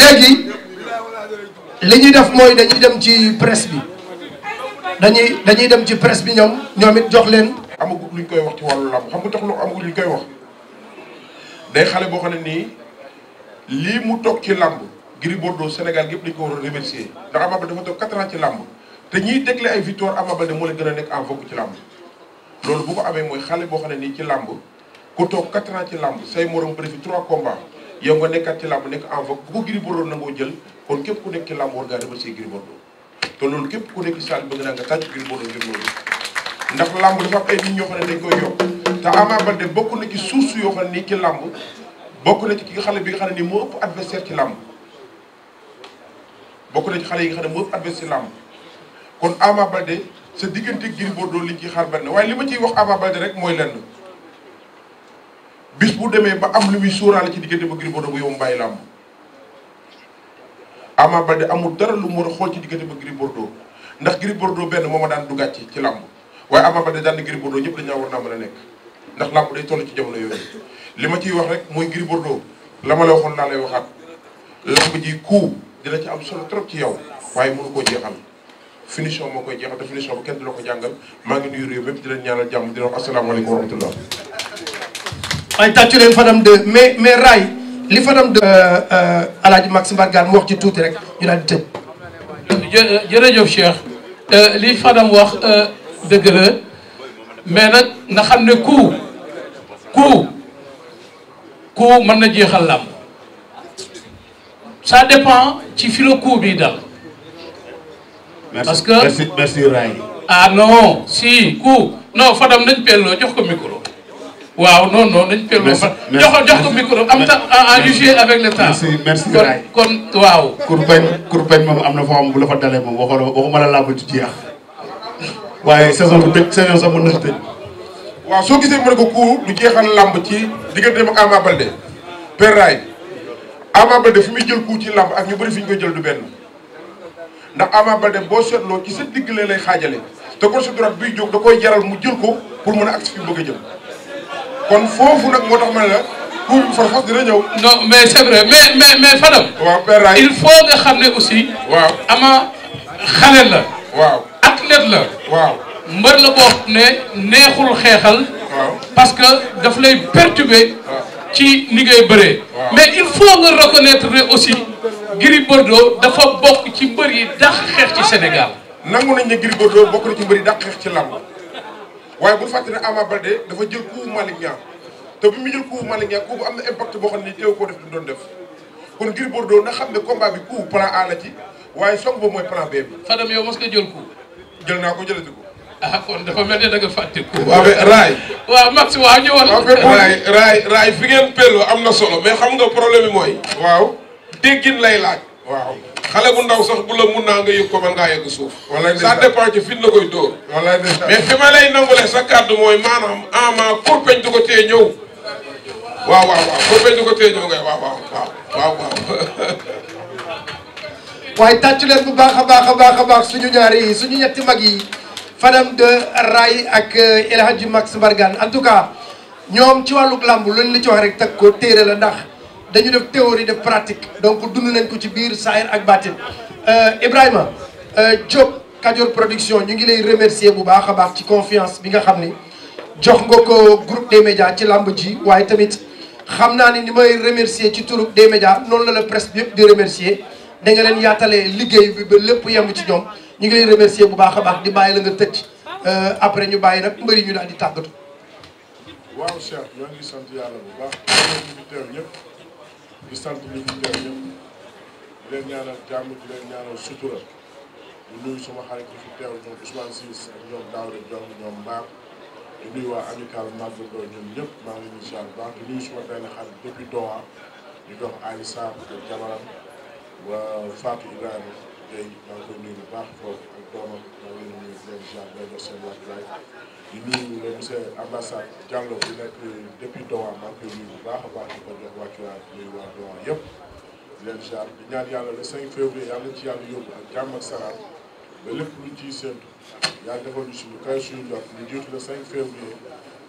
léegi li ñuy def mooy dañuy dem ci press bi dañuy dañuy dem ci presse bi ñoom ñoom it jox leen. amagut luñ koy wax ci wàllu làmb xam nga tax lu amagut luñ koy wax day xale boo xam ne nii lii mu toog ci làmb Gris Bordeaux Sénégal gépp dañ ko war a remercier ndax Ama Baldé dafa toog quatre ans ci làmb te ñiy dégle ay victoire Ama Baldé moo leen gën a nekk en vogue ci làmb. loolu bu amee mooy xale boo xam ne nii ci làmb ku toog quatre ans ci làmb say morom bëri fi trois combats yow nga nekkaat ci làmb nekk en vogue bu ko Gris Bordeaux nangoo jël kon képp ku nekk ci làmb war ngaa remercier Gris képp ku nekk ci salle bëgg naa nga tàcc Gris Bordeaux ngir loolu ndax làmb dafa am ay ñoo xam ne dañ koy yokk te Ama Baldé bokk na ci suuf yoo xam ne nii ci làmb bokk na ci ki xale bi nga xam ne nii moo ëpp adversaire ci làmb bokk na ci xale yi nga xam ne moo ëpp adversaire ci làmb kon Ama Baldé sa diggante Gris li ci xaar benn waaye li ma ciy wax Ama Baldé rek mooy lenn bis bu demee ba am lu muy la ci diggante ba Gris Bordeaux bu yow mu bàyyi làmb Ama Baldé amul dara lu mu xool ci diggante ba Gris ndax Gris benn moo ma daan du gàcce ci làmb waaye Ama Baldé daan na Gris Bordeaux a dañaa war naa mën a nekk ndax làmb day toll ci jamono yooyu li ma ciy wax rek mooy Gris Bordeaux la ma la waxoon naa lay waxaat làmb ji ku dina ci am solo trop ci yow waaye mënu koo jeexal finition moo koy jeexal te kenn du ko jàngal maa ngi nuyu réew mépp di leen ñaanal jàmm di leen wax asalaamaaleykum wa rahmatullah. ay tàccu leen Fadam 2 mais mais Ray li Fadam 2. El euh, euh, wax ci tuuti rek ñu daal di euh, li Fadam wax dëgg la mais nag nga xam ne ku ku ku mën na jeexal làmb ça dépend ci filo ku bi dal. parce que merci merci Ray. ah non si ku non Fadam nañ pelloo jox ko micro. waaw non non nañ pelloo. jox ko jox am na foo xam bu la fa dalee moom waxoo waxuma la laa ko ci jeex waaye saison bu tëj saison sax mën na tëj. waaw soo gisee mu ne ko ku du jeexal làmb ci digganteem ak Ama Baldé. Père Ray Ama Baldé fi muy jël ku ci làmb ak ñu bëri fi ñu koy jël du benn. ndax Ama Baldé boo seetloo ci sa digg la lay xaajale te gauche droite biy jóg da koy jaral mu jël ko pour mën a agsi fi bëgg jëm kon foofu nag moo tax ma ne la pour far fas dina ñëw. non mais c'est mais mais mais Fadam. waaw il faut nga xam ne aussi. waaw Ama xale la. waaw athlète la. waaw mbër la boo ne neexul xeexal. waaw parce que daf lay perturber. ci ni ngay bëree. mais il faut nga reconnaître ne aussi. Gris Bordeaux dafa bokk ci mbër yi dàq xeex ci Sénégal. nangu nañ ne Gris Bordeaux bokk na ci mbër yi dàq xeex ci làmb waaye bu ñu fàttali ne dafa jël coup Malick Niang bu mu jël coup Malick am na impact boo xam ne teew doon def kon Gris Bordeaux xam ne combat bi la ci waaye song boobu mooy B bi. Fadam naa ko jëlati ko. ah dafa mel ne da nga fàtte coup. waaw mais raay. waaw Max am na solo mais xam nga problème bi mooy. waaw. déggin lay laaj. waaw xale bu ndaw sax bu la mun naa nga yëg ko mën ngaa yëg suuf. walaay ça dépend ci fit la koy dóor. mais fi ma lay nangule sa kàddu mooy maanaam ama kurpeñ du ko tee ñëw. waaw waaw waaw kurpeñ du ko tee ñëw ngay waaw waaw waaw waaw. waaye tàccu leen bu baax a baax a baax a baax suñu ñaari suñu ñetti mag yi Fadam de Ray ak El Hadji Max Mbargane en ci wàllu làmb luñ rek teg ko téere la dañu def théorie de pratique donc dund nañ ko ci biir saahir ak baatin euh, Ibrahima euh, Diop Kajoor production ñu ngi lay remercier bu baax a baax ci confiance bi nga xam ni jox nga ko groupe des médias ci làmb ji waaye tamit xam naa ni ni may remercier ci turu des médias noonu la la presse bi yëpp di remercier da nga leen yaatalee liggéey bi ba lépp yemb ci ñoom ñu ngi lay remercier bu baax a baax di bàyyi la nga tëj euh, après ñu bàyyi nag mbëri ñu daal di tàggatu waaw Cheikh di sant ñi fi teew ñëpp leen ñaanal jàmm leen ñaanal sutura di nuyu suma xarit ñi fi teew ñoom Ousmane Ciss ak ñoom Daouda Diong ñoom Mbaar di nuyu waa amical Mabou Ndo ñoom ñëpp maa ngi leen di ziar baax suma benn xarit depuis Doha di dox Ali Sarr ak jabaram waa Fatou Ibrahima tey maa ngi koy nuyu bu baax foofu ak doomam. leen di leen ziar di leen jox seen wàccuwaay di nuyu le monsieur ambassade bu nekk depuis Doha maa ngi baax a baax di ko jox wàccuwaay di nuyu waa Doha yëpp di leen ziar di ñaan yàlla la 5 février yàlla ci yàlla yóbbu ak jàmm ak salaam ba lépp lu ciy séntu yàlla defal ñu suñu kay suñu jot ñu jiitu le février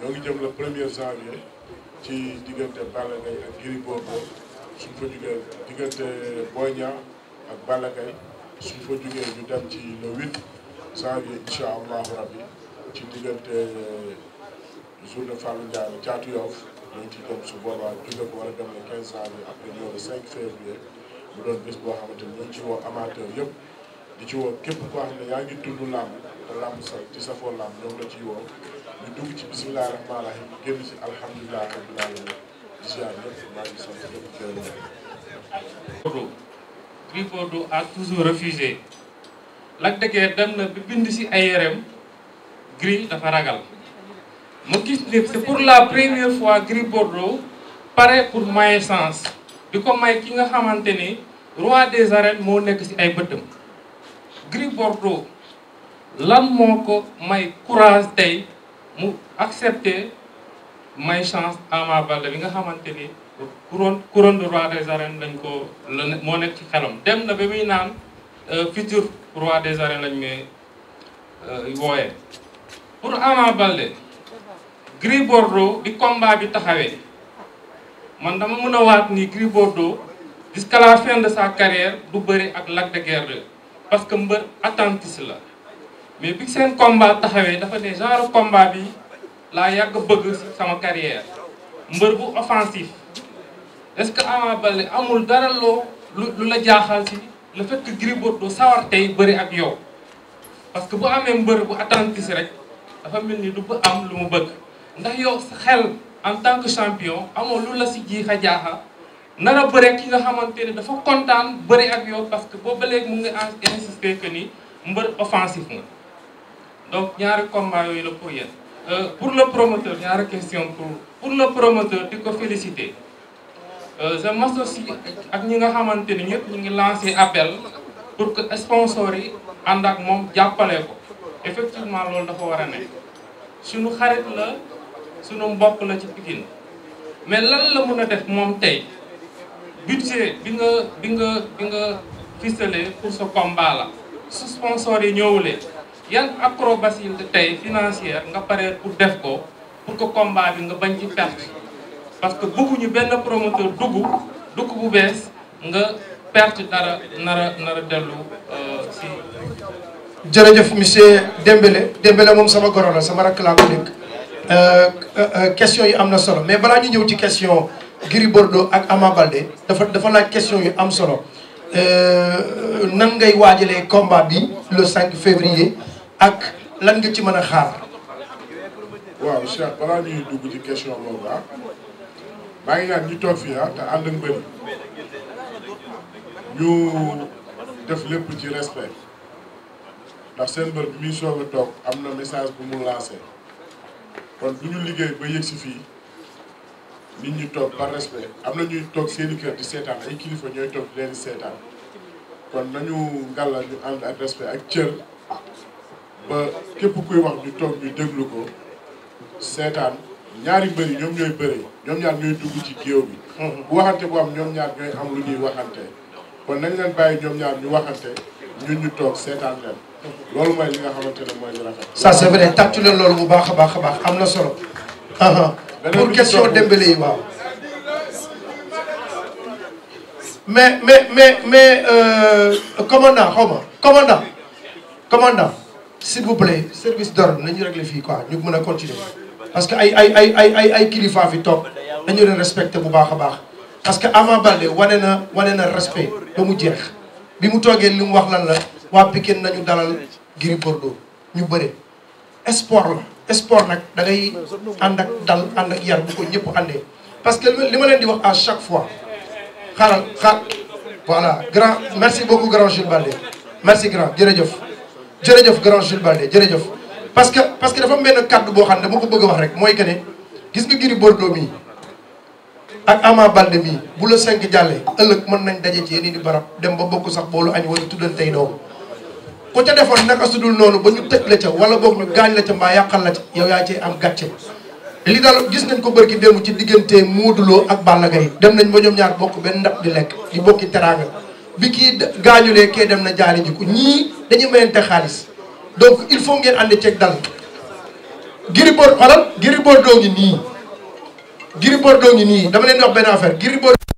ñoo ngi jëm le premier janvier ci diggante Balla Gaye ak Gris Bordeaux suñ fa jugee diggante Boy Niang ak Balla Gaye fa jugee ñu dem ci le 8. janvier incha allahu rabbi ci diggante journée eh, Fallou Ndiaye caatu Yoff lañ ci jëm su boobaa jóge ko war a dem le 15 janvier ak le ñëw le doon bés boo xamante ni ñu ngi ci woo amateur yëpp di ci woo képp koo xam ne yaa ngi dund làmb te làmb sa ci safoo làmb ñoom la ciy woo ñu dugg ci bisimilah rahmaani rahiim génn ci alhamdulilah rabbil alamin di ziar ñëpp maa ngi sant ñëpp jërëjëf. Gris Bordeaux a toujours Lac de Guiers dem na bi bind ci ay yéreem Gris dafa ragal mu gis ni c'est pour la première fois Gris Bordeaux pare pour maye sens di ko may ki nga xamante ni roi des arènes moo nekk ci ay bëttam Gris Bordeaux lan moo ko may courage tey mu accepter may chance Ama Baldé bi nga xamante ni couronne couronne de roi des arènes lañ ko la moo nekk ci xelam dem na ba muy naan euh, futur roi des arènes lañ may euh, pour Ama Baldé Gris Bordeaux bi combat bi taxawee man dama mën a waat ni Gris Bordeaux jusqu'à la fin sa carrière du bëri ak Lac de Guiers parce que mbër attentiste la mais bi seen combat taxawee dafa ne genre combat bi laa yàgg bëgg sama carrière mbër bu offensif est-ce que amul dara loo lu la jaaxal ci le fekk que Gris Bordeaux sawar tey bëri ak yow parce que bu amee mbër bu attentif rek dafa mel ni du ba am lu mu bëgg ndax yow xel en tant que champion amoo lu la si a jaaxa nar a bëre ki nga xamante ne dafa kontaan bëri ak yow parce que boobu ba léegi mu ngi insister que ni mbër offensif nga donc ñaari combat yooyu la pour yéen euh, pour le promoteur ñaari question pour pour le promoteur di ko féliciter Euh, je m'associe ak ñi nga xamante ni ñëpp ñu ngi lancé appel pour que sponsors yi ànd ak moom jàppale ko effectivement loolu dafa war a nekk suñu xarit la suñu mbokk la ci Pikine mais lan la mën a def moom tey budget bi nga bi nga bi nga ficelé pour sa combat la su sponsors yi ñëwulee yan acrobatie tey financière nga paree pour def ko pour que combat bi nga bañ ci perte parce que bëgguñu benn promoteur dugg dugg bu bees nga perte dara nara nara dellu si. Euh, jërëjëf monsieur Dembélé Dembélé moom sama goro la sama rakk laa ko dégg euh, euh, question yi am na solo mais balaa ñu ñëw ci question Gris Bordeaux ak Ama Baldé dafa dafa laaj question yu am solo nan ngay waajalee combat bi le 5 février ak lan nga ci mën a xaar. waaw Cheikh balaa ñuy dugg ci question boobu ah, maa ngi ñaan ñu toog fii ah te ànd ak mbër ñu def lépp ci respect ndax seen mbër bi muy soog toog am na message bu mu lancé kon du ñu liggéey ba yëg si fii nit ñi toog par respe am na ñuy toog seeni kër di seetaan ay kilifa ñooy toog di leen seetaan kon nañu ngàlla ñu ànd ak respect ak cër képp kuy wax ñu toog ñu déglu ko seetaan. ñaari mbëri ñoom ñooy bëri ñoom ñaar ñooy dugg ci géew bi bu waxante bu am ñoom ñaar ñooy am lu ñuy waxante kon nañ leen bàyyi ñoom ñaar ñu waxante ñun ñu toog seetaan leen loolu mooy li nga xamante ne mooy li rafet ça c'est vrai tàccu leen loolu bu baax a baax a baax am na solo pour question Dembélé yi waaw mais mais mais mais euh, commandant xaw ma commandant commandant s'il vous plaît service d'ordre nañu régler fii quoi ñu mën a continuer parce que ay ay ay ay ay ay kilifa fi toog dañu leen respecté bu baax a baax parce que avant Baldé wane na wane na respect ba mu jeex bi mu toogee li mu wax lan la waa Pikine nañu dalal Gris Bordeaux ñu bëre sport la sport nag da ngay ànd ak dal ànd ak yar bu ko ñëpp àndee parce que li ma leen di wax à chaque fois xaaral xaar voilà grand merci beaucoup grand Jules Baldé merci grand jërëjëf jërëjëf grand Jules Baldé jërëjëf parce que parce que dafa am benn kàddu boo xam ne dama ko bëgg a wax rek mooy que ne gis nga Gris Bordeaux mii ak Ama Baldé mii bu la cinq jàllee ëllëg mën nañ daje ci yeneen i barab dem ba bokk sax boolu añ wala tuddantey doom ku ca defoon naka su dul noonu ba ñu tëj la ca wala boog ñu gaañ la ca mbaa yàqal la ca yow yaa cee am gàcce li daal gis nañ ko bërki démb ci diggante mu Lo ak Balla yi dem nañ ba ñoom ñaar bokk benn ndab di lekk di bokki teraanga bi kii gaañulee kee dem na jaali ko ñii dañuy xaalis donc il faut ngeen ànd ceeg dal Gris Bordeaux xolal Gris Bordeaux ngi nii Gris Bordeaux ngi nii dama leen di wax benn affaire Gris Bordeaux